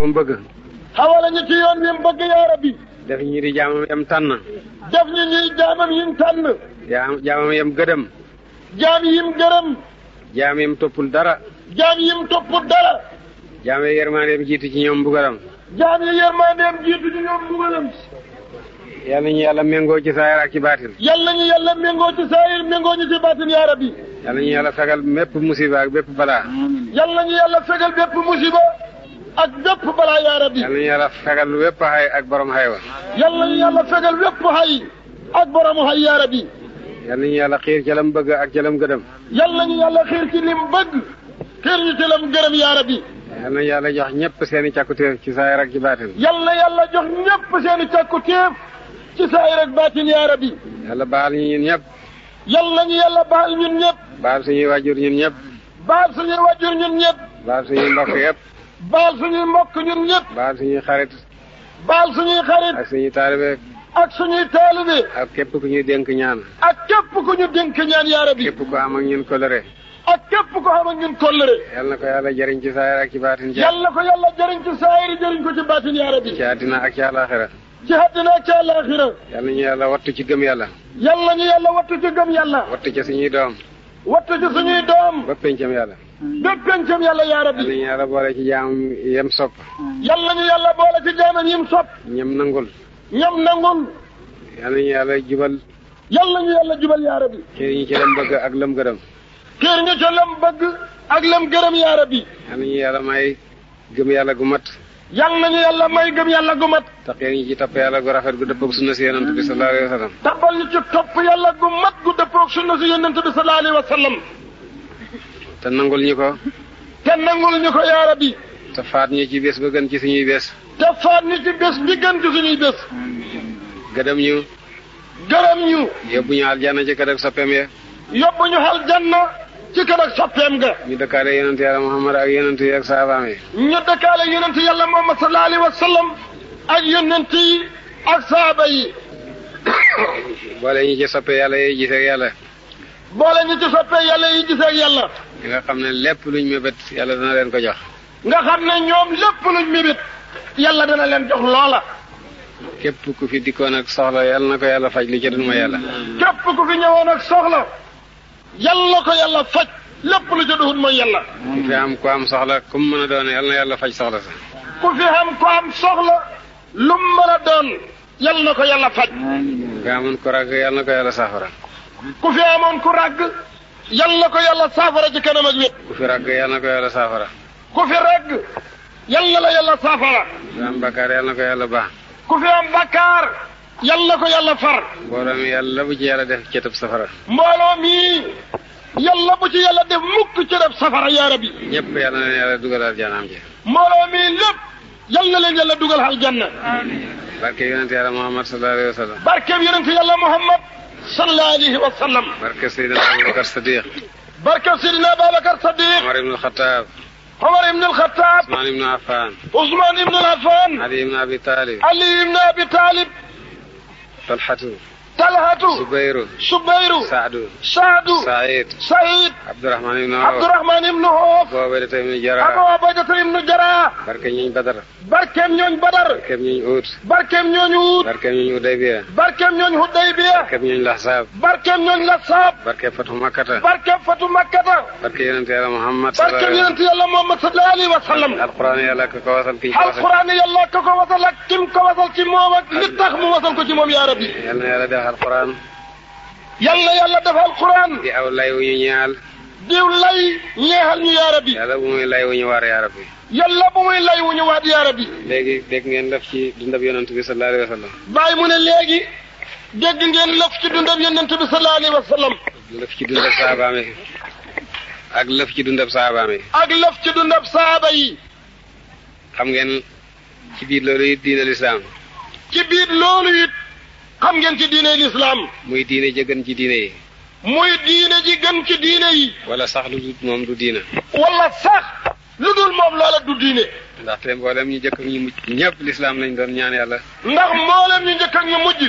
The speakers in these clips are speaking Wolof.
moom bëgg xawala ñu ci yoon wi mu bëgg yaa def ñi di jaamam yam tànn def ñu ñuy jaamam yim tànn jaamam yam gëdëm jaam yim gërëm jaam yim toppul dara jaam yim toppul dara jaam yi yërmandeem jiitu ci ñoom mbugalam jaam yi yërmandeem jiitu ci ñoom mbugalam yal na ñu yàlla méngoo ci saayir ak ci baatin yal na ñu yàlla saayir méngoo ci baatin yaa rabbi yal na ñu yàlla fegal musiba ak bépp balaa yal na ñu yàlla fegal musiba ak bépp balaa yaa rabbi. yal na yàlla fegal wépp xay ak borom xay wa. yal na yàlla fegal wépp xay ak yaa rabbi. yal nañu yàlla xiir ci lam bëgg ak ci lam gëdëm. yal nañu yàlla xiir ci lim bëgg. xiir ñu ci lam gërëm yaa rabbi. yal na yàlla jox ñëpp seeni i ci saayir ak ci baatin. yal na seen i càkkutéef ci saayir ak yaa rabbi. yàlla baal ñu ñun ñëpp. yal nañu yàlla baal ñun ñëpp. baal suñuy wàjjur ñun ñëpp. baal suñuy wàjjur ñun ñëpp. baal suñuy mbokk yëpp. baal suñuy mbokk ñun ñëpp. baal suñuy xarit. baal suñuy xarit. ak suñuy taalibe. ak suñuy taalibe. ak képp ku ñuy dénk ñaan. ak képp ku ñu dénk ñaan yaa rabbi. képp ku am ak ñun kolere. ak képp ku xam ak ñun kollëre yal na ko yàlla jëriñ ci saayir ak ci baatin yal na ko yàlla jëriñ ci saayir jëriñ ko ci baatin yaa ci àddina ak ci àllaaxira ci àddina ak ci àllaaxira yal na ñu yàlla wattu ci gëm yàlla yal na ñu yàlla wattu ci gëm yàlla wattu ci suñuy doom wattu ci suñuy doom ba yàlla ba pencam yàlla yaa rabbi. yàlla ñu yàlla boole ci jaamam yem sopp. yàlla ñu yàlla boole ci jaamam yem sopp. ñam nangul. ñam nangul. yàlla ñu yàlla jubal. yàlla ñu yàlla jubal yaa rabbi. ñu ci lam bëgg ak lam gërëm. kër ñu ci lam bëgg ak lam gërëm yaa rabbi. yàlla may gëm yàlla gu mat. yàlla nañu yàlla may gëm yàlla gu mat. taxee ñu ci topp yàlla gu rafet gu dëppoog sunna si yonent bi sallallahu alayhi wa sallam. taxal ñu ci topp yàlla gu mat gu te nangul ñu ko te nangul ñu ko yaa rabbi te faat ñi ci bés ba gën ci suñuy bés te faat ñu ci bés bi gën ci suñuy bés gërëm ñu gërëm ñu yóbbu ñu aljanna ci kër ak soppeem ya yóbbu ñu aljanna ci kër ak soppeem ga ñu dëkkaale yonent yàlla Muhammad ak yonent yi ak saabaam yi ñu dëkkaale yonent yàlla Muhammad sallallahu alayhi wa sallam ak yonent yi ak saaba yi boole ñu ci soppe yàlla yi gisee ak yàlla boole ñu ci soppe yàlla yi gisee ak yàlla ñi nga xam ne lépp luñ mébét yàlla dana leen ko jox nga xam ne ñoom lépp luñ mébét yàlla dana leen jox loola képp ku fi dikkoon ak soxla yàlla na ko yàlla faj li ci dul ma yàlla képp ku fi ñëwoon ak soxla yàlla ko lépp lu ci duhut mooy yàlla ku fi am ko am soxla kum mën a doon yàlla na yàlla faj soxla sa ku fi am ku am soxla lum mën a doon yàlla ko yàlla faj ku amoon ku ràgg yàlla na ko yàlla saafara ku fi amoon ku ràgg yal na ko yàlla saafara ci kanam ak wét. ku fi ragg ko yàlla saafara. ku fi ragg yal na la yàlla saafara. ku fi ko fi am bakkaar yal na ko yàlla far. mbooloo mi yàlla bu ci def cëtëb safara. mbooloo mi yàlla bu ci yàlla def mukk cëtëb safara yaa rabbi. ñëpp yal na leen yàlla dugal aljanaam ji. mbooloo mi lépp yal na leen Muhammad sallallahu alayhi wa sallam. barke yonente Muhammad. sallallahu alayhi wa sallam. barke Seydina Abubakar Sadiq. barke Seydina Abubakar Sadiq. Omar ibn al-Khattab. Omar ibn al-Khattab. Ousmane ibn Affan. Ousmane ibn Affan. Ali ibn Abi Talib. Ali ibn Abi Talib. Talhatu. talhatu subayru subayru saadu saadu said said abdurahman ibnu abdurahman ibnu hoof abu ubaydata ibnu jara abu ubaydata ibnu jara barkeem ñooñ badar barkeem ñooñ badar barkeem ñooñ uut barkeem ñooñ uut barkeem ñooñ hudaybiya barkeem ñooñ hudaybiya barkeem ñooñ lasaab barkeem ñooñ lasaab barkeem fatu makkata barkeem fatu makkata barkeem yonente yàlla muhammad barkeem yonente yàlla muhammad sallallahu alayhi wa sallam alquran yàlla ko ko wasal ki alquran yàlla ko ko wasal ak kim ko wasal ci moom ak li tax mu wasal ko ci moom yaa rabbi alquran. yàlla yàlla defal quran. di aw lay wu ñu ñaal. diw lay ñeexal ñu yaara bi. bu muy lay wu ñu waar yaara bi. yàlla bu muy lay wu ñu waat yaara bi. léegi dégg ngeen lëf ci dundab yonent bi sallallahu alayhi wa sallam. bàyyi mu ne léegi. dégg ngeen lëf ci dundab yonent bi sallallahu alayhi wa sallam. lëf ci dundab saabaam ak lëf ci dundab saabaam yi. ak lëf ci dundab saaba yi. xam ngeen ci biir loolu it diinal islaam. ci biir loolu xam ngeen ci diine lislaam muy diine ji gën ci diine yi. muy diine ji gën ci diine yi. wala sax lu dul moom du diine. wala sax lu dul moom loola du diine. ndaxte mboolem ñu njëkk ak ñu mujj ñëpp lislaam lañ doon ñaan yàlla. ndax mboolem ñu njëkk ak ñu mujj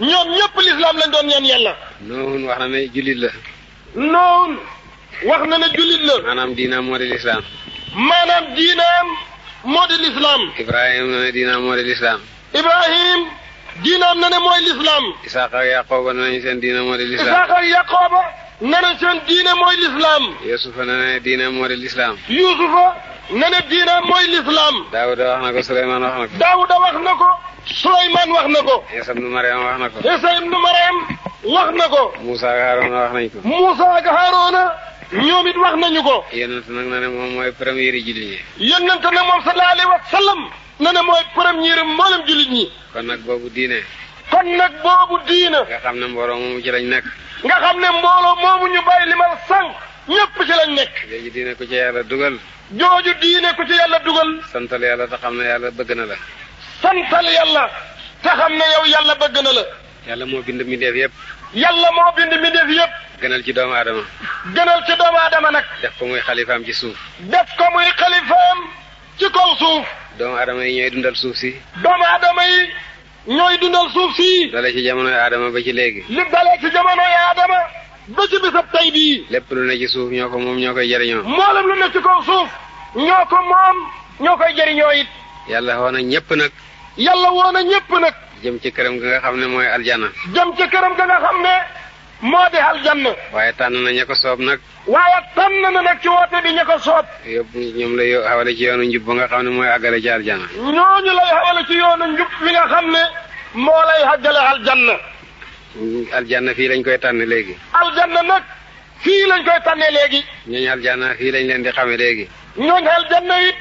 ñoom ñëpp lislaam lañ doon ñaan yàlla. noonu wax na ne jullit la. noonu wax na ne jullit la. maanaam diinaam moo di lislaam. maanaam diinaam moo di lislaam. Ibrahima ne diinaam moo di lislaam. Ibrahim diinaam na ne mooy lislaam isaaq ak yaqooba na nañ seen diina moo di lislaam isaaq ak yaqooba na ne seen diina mooy lislaam yusufa na ne mooy lislaam daawuda wax na ko suleymaan wax na ko daawuda wax na ko suleymaan wax na ko isa ibnu mariam wax na ko isa ibnu mariam wax na ko muusa ak haaroona wax nañ ko ko. yonent nag na moom mooy premier jullit yi. yonent na moom sallallahu ne ne mooy premier mboolem jullit ñi. kon nag boobu diine. kon nag boobu diine. nga xam ne mbooloo moomu ci lañ nekk. nga xam ne mbooloo moomu ñu bàyyi limal sànq ñëpp ci lañ nekk. jooju diine ku ci yàlla dugal. jooju diine ku ci yàlla dugal. santal yàlla te xam ne yàlla bëgg na la. santal yàlla te xam ne bëgg na la. yàlla moo bind mbindeef yépp. yàlla moo bind mbindeef yépp. gënal ci doomu aadama. gënal ci doomu aadama nag. def ko muy xalifaam ci suuf. def ko muy xalifaam ci kaw suuf. doomu aadama yi ñooy dundal suuf si. doomu aadama yi ñooy dundal suuf si. dalee ci jamonoy aadama ba ci léegi. li dalee ci jamonoy ba ci bisab tey bii. lépp lu ne ci suuf ñoo ko moom ñoo koy jëriñoo. mboolem lu ne ci kaw suuf ñoo ko moom ñoo koy jëriñoo it. yàlla woon na ñëpp nag. yàlla woon na ñëpp nag. jëm ci këram ga nga xam ne mooy aljana. jëm ci këram ga nga xam ne. moo di aljanna waaye tànn na ko soob nag waaye tànn na nag ci woote bi ña ko soob yóbbu ñoom lay xawale ci yoonu njub ba nga xam ne mooy àggale ci aljanna ñooñu lay xawale ci yoonu njub bi nga xam ne moo lay àggale aljanna aljanna fii lañ koy tànne léegi aljanna nag fii lañ koy tànnee léegi ñooñu aljanna fii lañ leen di xame léegi ñooñu aljanna it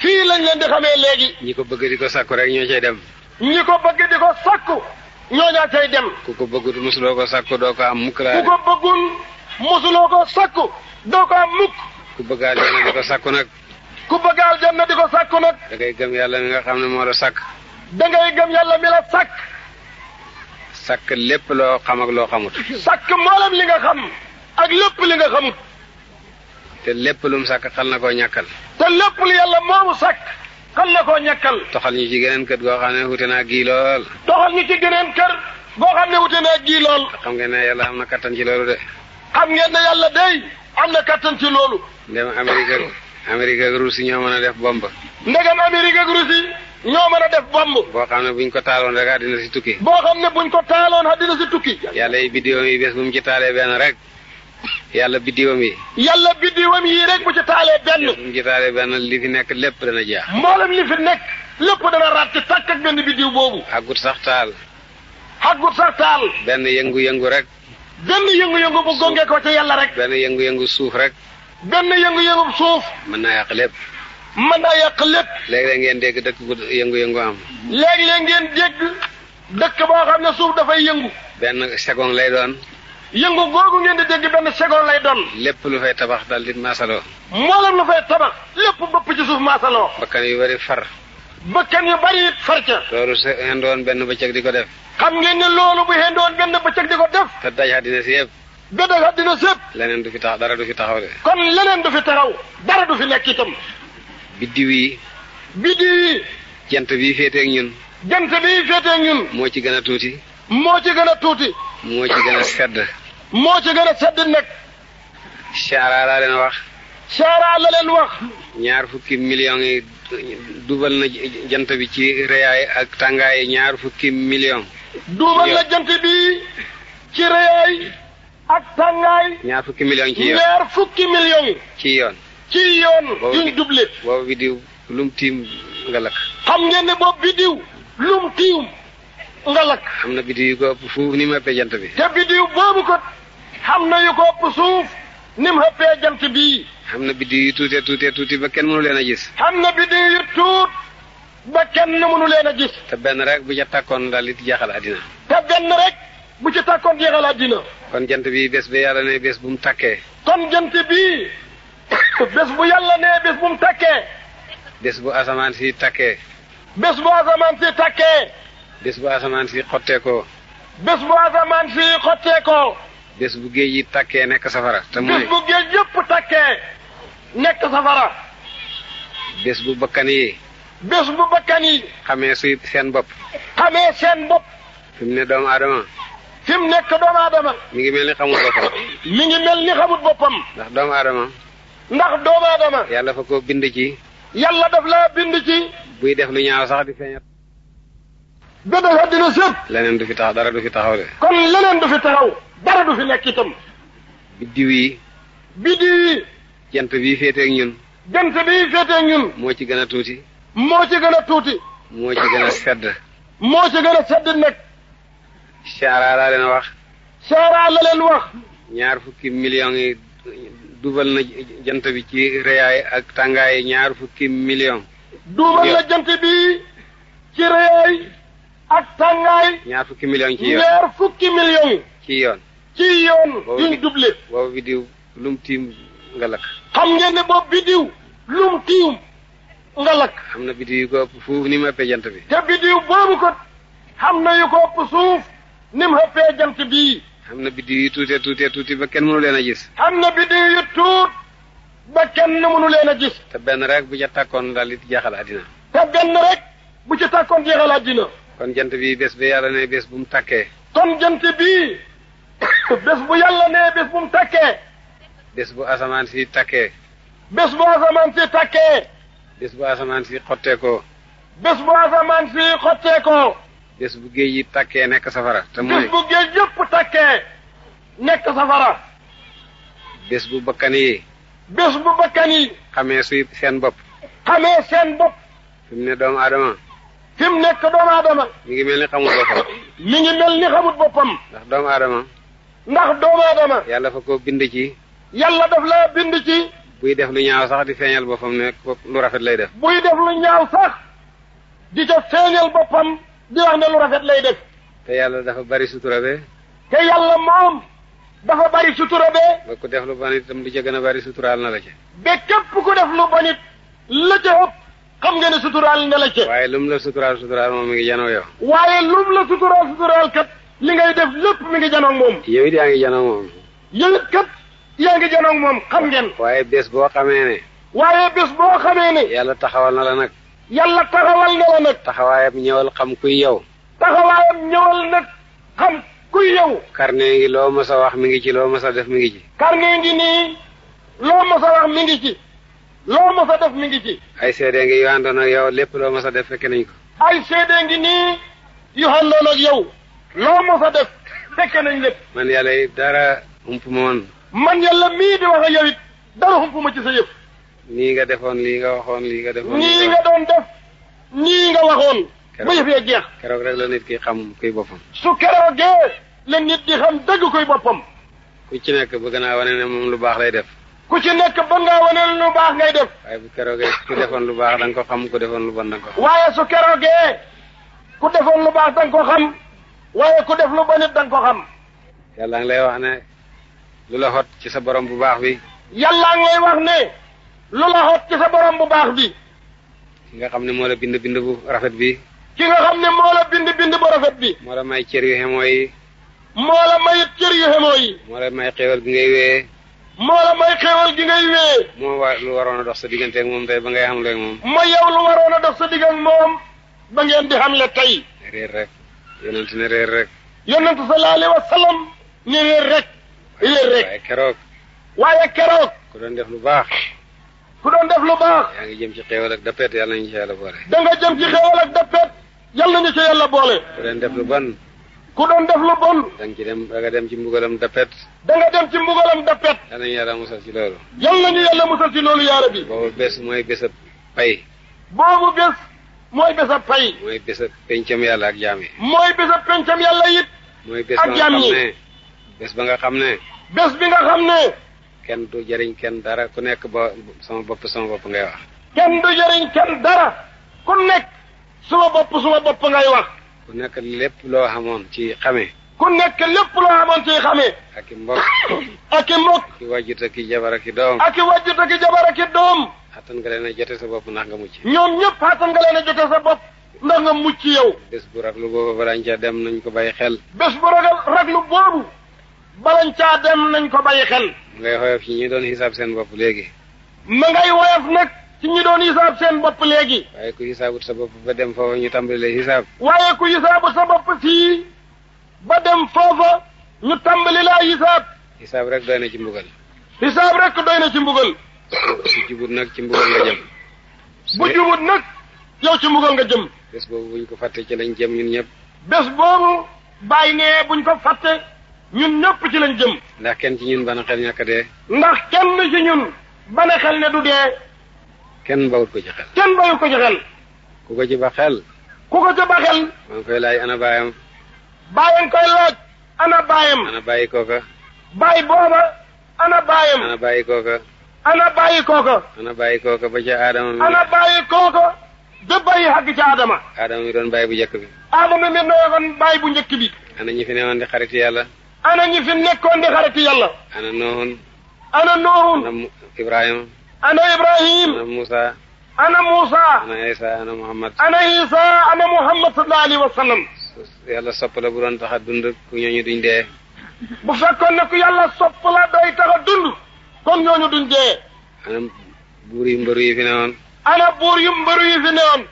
fii lañ leen di xamee léegi ñi ko bëgg di ko sakku rek ñoo cay dem ñi ko ñooñaa cay dem. ku ko bëggut mosuloo ko sakku doo ko am mukk laa ku ko bëggul mosuloo ko sakku doo ko am mukk. ku bëgg aljanna di ko sakku nag. ku bëgg aljanna di ko sakku nag. da ngay gëm yàlla mi nga xam ne moo la sàkk da ngay gëm yàlla mi la sakk. sakk lépp loo xam ak loo xamut. sakk mboolem li nga xam ak lépp li nga xamut. te lépp lu mu sakk xal na koo ñàkkal. te lépp lu yàlla moomu sakk. kan la koo ñàkkal toxal ñu ci geneen kër goo xam ne wute naa gii lool toxal ñu ci geneen kër goo xam ne wute naa gii lool xam ngeen ne yàlla am na kattan ci loolu de xam ngeen ne yàlla day am na kattan ci loolu ndem Amérique Amérique ak Russie ñoo mën a def bomb ndegam Amérique ak Russie ñoo mën a def bomb boo xam ne buñ ko taaloon rek àddina si tukki boo xam ne buñ ko taaloon àddina si tukki yàlla yi biddiw yi bés bu mu ci taalee benn rek yàlla biddiwam yi. yàlla biddiwam yi rek bu ci taalee benn. bu ci taalee benn li fi nekk lépp dana jeex. mboolem li fi nekk lépp dana raat ci tàkk ak benn biddiw boobu. xagut sax taal. xagut sax taal. benn yëngu-yëngu rek. benn yëngu-yëngu bu gongee ko ci yàlla rek. benn yëngu-yëngu suuf rek. benn yëngu-yëngu suuf. mën naa yàq lépp. mën naa yàq lépp. léeg-léeg ngeen dégg dëkk bu yëngu-yëngu am. léeg-léeg dégg dëkk boo xam ne suuf dafay yëngu. benn segon lay doon. yëngu googu ngeen di dégg benn segon lay doon. lépp lu fay tabax daal di maasaloo. mboolem lu fay tabax lépp bopp ci suuf maasaloo. bakkan yu bari far. bakkan yu bari it far ca. loolu sa hendoon benn bëccëg di ko def. xam ngeen ne loolu bu hendoon benn bëccëg di ko def. te daj àddina si yëpp. ba daj àddina si yëpp. leneen du fi tax dara du fi taxaw de. kon leneen du fi taxaw. dara du fi nekk itam. biddiw yi. biddiw yi. jant bii féetee ak ñun. jant bii féetee ak moo ci gën a tuuti. moo ci gën a tuuti. moo ci gën a sedd. moo ci gën a sedd nag. Chara la leen wax. Chara la wax. ñaar fukki millions yi na jant bi ci reyaay ak tàngaay ñaar fukki million duubal na jant bi ci reyaay ak tàngaay. ñaar fukki millions ci yoon ci yoon. ci duble boobu bi lum tiim nga lakk. xam ngeen ne boobu lum tiim nga lakk. am na biddiw fu ni ma jant bi. te biddiw boobu ko. xam na yu ko ëpp suuf ni mu jant bii. xam na biddiw yu tuutee tuutee tuuti ba kenn mënu leen a gis. xam na biddiw yu tuut ba kenn mënu leen a gis. te benn rek bu ca takkoon daal it jeexal àddina. te benn rek bu ci takkoon jeexal àddina. kon jant bi bés bi yàlla ne bés bu mu takkee. kon jant bi bés bu yàlla ne bés bu mu takkee. bés bu asamaan si takkee. bés bu asamaan si takkee. bés bu asamaan si xotteekoo. bés bu asamaan si xotteekoo. bés bu géej yi takkee nekk safara te mu bés bu géej nekk safara bés bu bakkan yi bés bu bakkan yi xamee suy seen bopp xamee seen bopp fi ne doomu aadama fi nekk doomu aadama mi ngi mel ni xamul boppam mi ngi ndax doomu aadama ndax doomu aadama yàlla fa ko bind ci yàlla daf laa bind ci buy def lu ñaaw sax di feeñal ba du fi taxaw dara du fi taxaw de kon leneen du fi taxaw dara du fi nekk itam. biddiw yi. biddiw yi. jant bi féeteeg ñun. jant bi féeteeg ñun. moo ci gën a tuuti. moo ci gën a tuuti. moo ci gën sedd. moo ci gën a sedd nag. Saaraa la leen wax. Saaraa la leen wax. ñaar fukki millions yi duubal na jant bi ci reyaay ak tàngaay ñaar fukki millions. duubal na ci yoon. ci yoon yuñ duble waaw biddiw lum tiim nga lakk xam ngeen ne boobu biddiw lum tiim nga lakk xam na biddiw yu ko ëpp suuf ni mu jant bi te biddiw boobu ko xam na ko ëpp jant bii xam na biddiw yu tuute tuute tuuti ba kenn mënu leen a gis xam na biddiw yu tuut ba kenn mënu leen a gis te benn rek bu ja takkoon daal it jeexal àddina te benn rek bu ca tàkkoon jeexal àddina kon jant bi bés ba yàlla ne bés bu mu tàkkee kon jant bii bés bu yàlla nee bés bu takkee. bés bu asamaan si takkee. bés bu asamaan si takkee. bés bu asamaan si xotteekoo. bés bu asamaan si xotteekoo. bés bu géej yi takkee nekk safara. te mooy bés bu géej yëpp takkee nekk safara. bés bu bakkan yi. bés bu bakkan yi. xamee suy seen bopp. xamee seen bopp. fi mu ne doomu aadama. fi mu nekk doomu aadama. mi ngi mel ni xamul boppam. mi ndax doomu aadama. ndax doomu aadama yàlla fa ko bind ci yàlla daf laa bind ci buy def lu ñaaw sax di feeñal boppam ne lu rafet lay def buy def lu ñaaw sax di ca feeñal boppam di wax ne lu rafet lay def te yàlla dafa bari sutura be te yàlla moom dafa bari sutura be ba ku def lu bon itam li ca gën a bari suturaal na la ca ba képp ku def lu bon it la xam nga ne suturaal na la ca waaye lum la suturaal suturaal moom la suturaal li ngay def lépp mi ngi janoog moom. yow it yaa ngi janoog moom. yow it yaa ngi janoog moom xam ngeen. waaye bés boo xamee ne. waaye bés boo xamee ne. yàlla taxawal na la nag. yàlla taxawal na la nag. taxawaayam ñëwal xam kuy yow. taxawaayam ñëwal nag xam kuy yow. karne ngi loo masa wax mi ngi ci loo mës a def mi ngi ci. karne ngi nii loo mës a wax mi ngi ci. loo mës a def mi ngi ci. ay seede ngi yu àndoon ak yow lépp loo mës a def fekke nañ ko. ay seede ngi nii loo mos a def fekke nañ lépp. man yàlla ma woon. man yàlla mii di wax ak yow it dara ump ma ci sa yëf. nii nga defoon lii nga waxoon lii nga defoon. nii nga doon def nii nga waxoon. ba yëf ya jeex. keroog rek la nit ki xam kuy boppam. su keroogee la nit di xam dëgg kuy boppam. ku ci nekk bëgg naa wane ne moom lu baax lay def. ku ci nekk bëgg ngaa wane ne lu baax ngay def. waaye bu keroogee ku defoon lu baax da ko xam ku defoon lu bon da nga ko xam. waaye su keroogee ku waaye ku def lu ba nit da ko xam yàlla lay wax ne lu la xot ci sa borom bu baax bi yàlla ngi lay wax ne lu la xot ci sa borom bu baax bi ki nga xam ne moo la bind bind bu rafet bi ki nga xam moo la bind bind bu rafet bi moo la may cër yu xemoo yi moo la moo la may xéewal gi ngay wéyee moo la may xéewal gi ngay wéyee moo wa lu waroon a dox sa diggante moom tey ba ngay xam leeg moom mooy yow lu waroon a dox sa diggante moom ba ngeen di xam le tey yonent ne réer rek. yonent sallallahu alayhi wa sallam ne réer rek. réer rek waaye keroog. waaye keroog. ku doon def lu baax. ku doon def lu baax. yaa ngi jëm ci xéewal ak dapet yàlla nañu ci yàlla boole. da nga jëm ci xéewal boole. ku doon def lu bon. ku doon def lu bon. da nga dem nga dem ci mbugalam dapet. da nga dem ci mbugalam dapet. yàlla nañu yàlla musal ci loolu. yàlla nañu yàlla musal ci loolu yaara bi. mooy bésab mooy bés ab fay. mooy bés ab pencam yàlla ak jaam yi. mooy bés ab pencam yàlla yit mooy bés ba nga xam ne bés bi nga xam ne. kenn du jëriñ kenn dara ku nekk ba sama bopp sama bopp ngay wax. kenn du jëriñ kenn dara ku nekk. suma bopp suma bopp ngay wax. ku nekk lépp loo xamoon ci xamee. ku nekk lépp loo amoon ci xamee. ak i mbokk. ak i mbokk. ak i wàjjut ak i jabar a ki doom. ak i wàjjut ak i jabar ak i doom. xattan nga leen a jote sa bopp ndax nga mucc. ñoom ñëpp xattan nga leen a jote sa bopp ndax nga mucc yow. bés bu raglu boobu balañ caa dem nañ ko bàyyi xel. bés bu ragal raglu boobu balañ caa dem nañ ko bàyyi xel. ma ngay woyof ci ñi doon xisaab seen bopp léegi. ma ngay woyof nag ci ñi doon xisaab seen bopp léegi. waaye ku xisaabut sa bopp ba dem foofu ñu tàmbali lay ba dem foofa ñu tàmbali laa hisaab hisaab rek doy na ci mbugal hisaab rek doy na ci mbugal su jubut nag ci mbugal nga jëm bu jubut nag yow ci mbugal nga jëm bés boobu buñ ko fàtte ci lañ jëm ñun ñëpp bés boobu bàyyi ne buñ ko fàtte ñun ñëpp ci lañ jëm ndax kenn ci ñun bana xel ñàkk dee ndax kenn ci ñun bana xel ne du dee kenn bawut ko ci xel kenn bawut ko ci xel ku ko ci ba xel ku ko ci ba xel maa ngi koy laaj ana baayam bàyyam koy laaj ana bàyyam ana bàyyi kooka bàyyi booba ana bàyyam ana bàyyi kooka ana bàyyi kooka ba ca aadama mi ana bàyyi kooka ba bàyyi doon bàyyi bu njëkk bi aadama mi doon bàyyi bu njëkk bi ana ñi fi newoon di xarit yàlla ana ñi fi nekkoon di xarit yàlla ana noohun ana noohun ana ibrahima ana ibrahim ana musa ana Moussa. ana Muhammad. ana Muhammad sallallahu alayhi wa sallam. sopp la bu doon tax a dund ku ñooñu duñ dee. bu fekkoon ne ku yàlla sopp la day tax a dund kon duñ dee. ana buur yu mbëru yi fi newoon. ana buur yu mbëru yi fi newoon.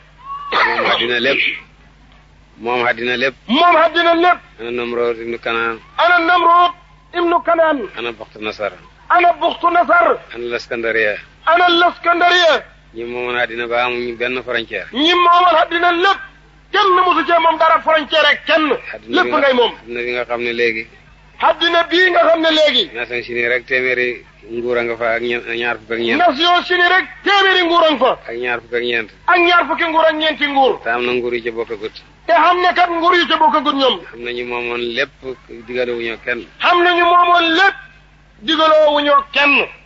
moom ana Namrood ana Namrood ana Buxtu Nasar. ana Buxtu Nasar. ana Laskandariya. ana ñi moomoon àddina ba amuñu benn frontière. ñi moomoon àddina lépp kenn mosu cee moom dara frontière kenn. lépp ngay moom àddina bi nga xam ne léegi. àddina bii nga xam ne léegi. nation Chine rek téeméeri nguur a nga fa ak ñaar fukk ak ñeent. nation Chine rek téeméeri nguur a nga fa. ak ñaar fukk ak ñeent. ak ñaar fukki nguur ak ñeenti nguur. te am na nguur yu ca bokkagut. te xam ne kat nguur yu ca bokkagut ñoom. xam nañu moomoon lépp digaloo wu ñoo kenn. xam nañu moomoon lépp digaloo wu ñoo kenn.